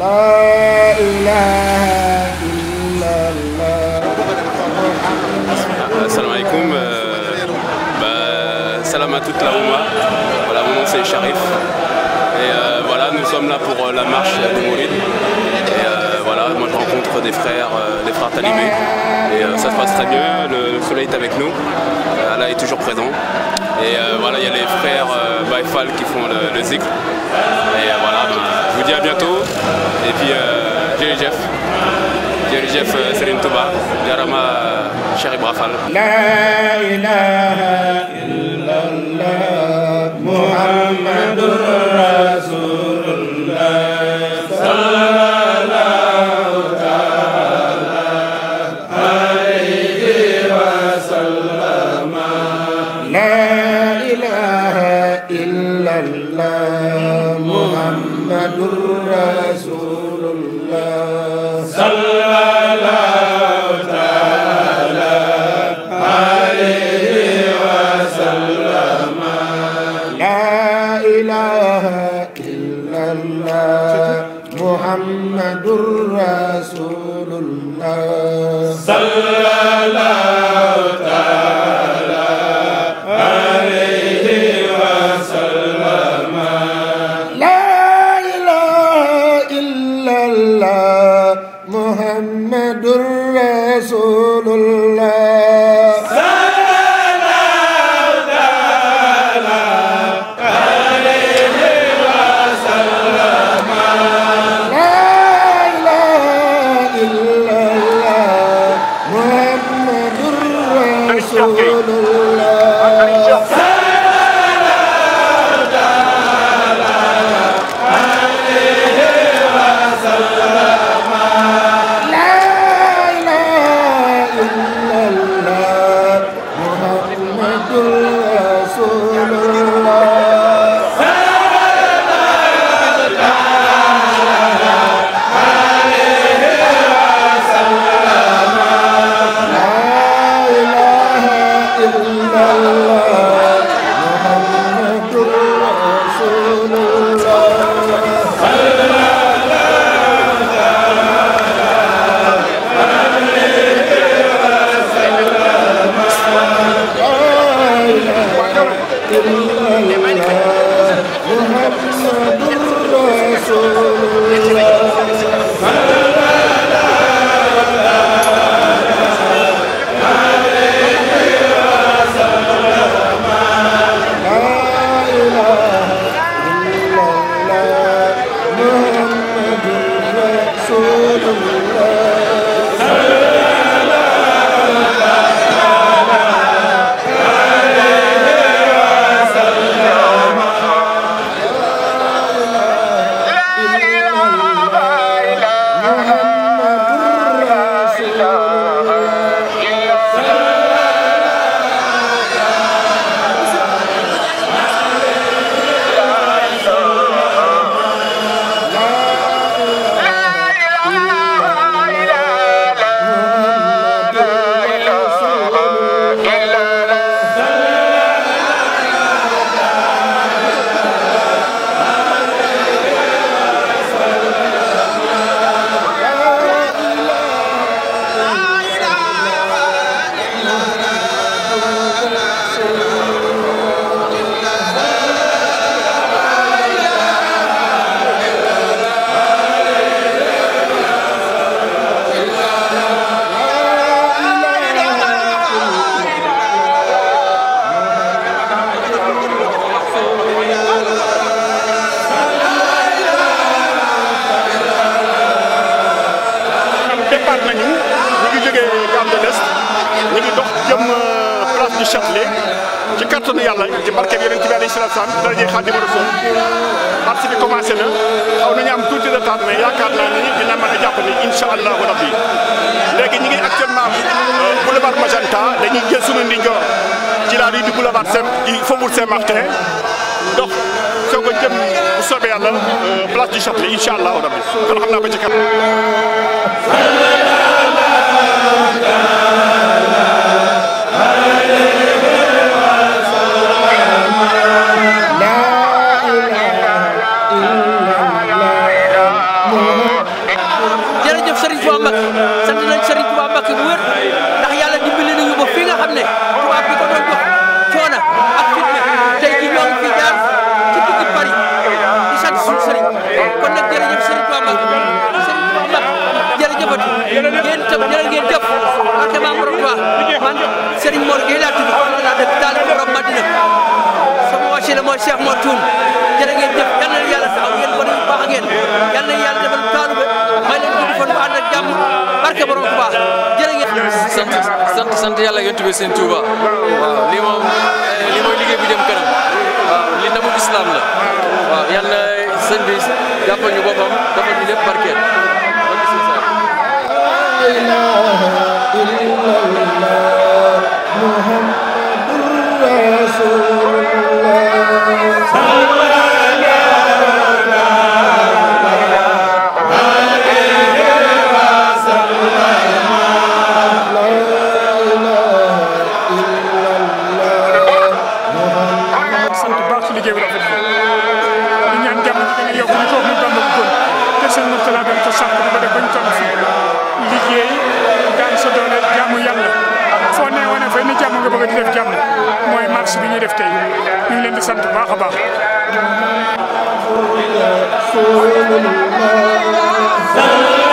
لا إله إلا الله السلام عليكم Salam à toute la Ouma. Voilà, mon nom c'est Sharif. Et euh, voilà, nous sommes là pour euh, la marche des Mourides. Et euh, voilà, moi je rencontre des frères, euh, des frères talibés. Et euh, ça se passe très bien, le, le soleil est avec nous. Euh, Allah est toujours présent. Et voilà, il y a les frères Baifal qui font le, le zikr. Et voilà, jërëjëf euh, Serigne Touba jarama Cheikh Ibra Fall la ilaha illa allah muhammadur rasulullah Muhammadur Thank you. incha allah ci kàttanu yàlla ci barke bi yonent bi alayhi salaatu salaam darajee Xaadimu Rasuul marché bi commencé na xaw nañu am tuuti retard mais yaakaar naa ni dina mën a jàpp ni incha allahu rabbi léegi ñu ngi actuellement euh, boulevard Magenta dañuy jël sunu ndijoor ci la rue du boulevard Saint di Faubourg Saint-Martin dox soo ko jëm bu soobee yàlla euh, place du Châtelet incha allahu rabbi kon xam naa ba ci kanam. man de Serigne Mor Gueye laa tudd Kaolack laa dëkk taal bi borom Madina sama wasila mooy Cheikh Mor Thioune jërë ngeen jëf yal na yàlla saxal ngeen ko def baax ngeen yal na yàlla defal taalu ba may leen gudd fan bu ànd ak jàmm barke borom bu baax jërë ngeen. sant sant sant yàlla yonent bi seen Touba waaw lii moom eh, lii mooy liggéey bu jëm kanam waaw lii ndamu islam la waaw yal na sëñ bi jàppal ñu boppam dafa ñu lépp barkeel. nga bëgg di def jàmm mooy marche bi ñuy def tey ñu leen di sant bu baax a baax. Rasulullah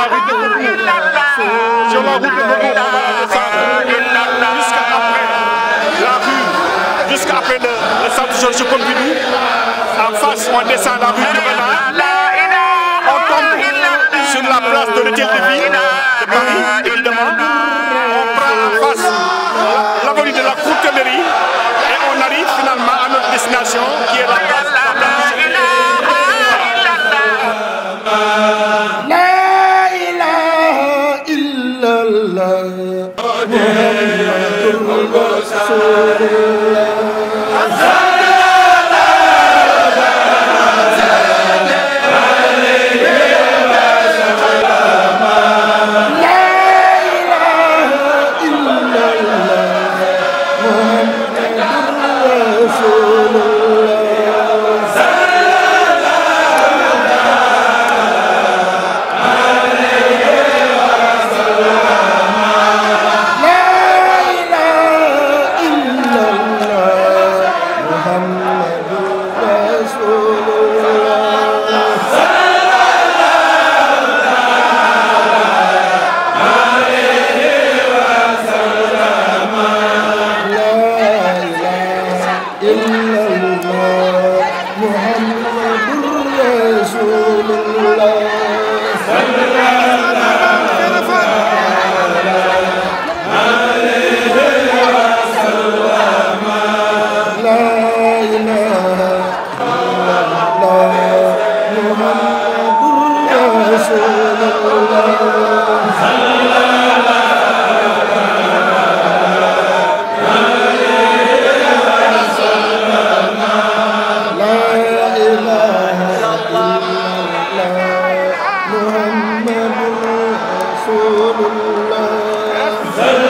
la route de Moscou, sur la route de Moscou, on a descendu jusqu'à après la rue, jusqu'à après le, le centre Georges Pompidou. En face, on descend la rue du Renard, on tombe sur la place de l'hôtel de ville de Paris. الملك سوري Allah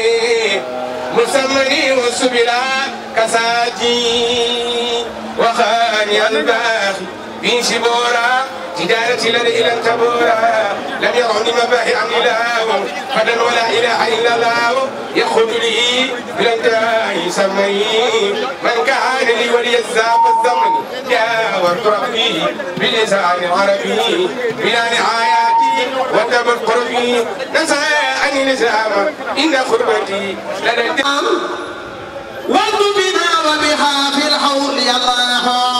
مسمني وسبلا كساجي وخاني الباخي في شبورا تجارتي لدي إلى التبورا لم يرعني مباهي عن إله غدا ولا إله إلا الله يخرج لي بلنتاي سمي من كان لي ولي الزاب الزمن جاورت ربي بلسان عربي بلا نهاياتي وتبت قربي نسيت أن لزاما إن خربتي لدى وارض بنا وبها في الحول يا الله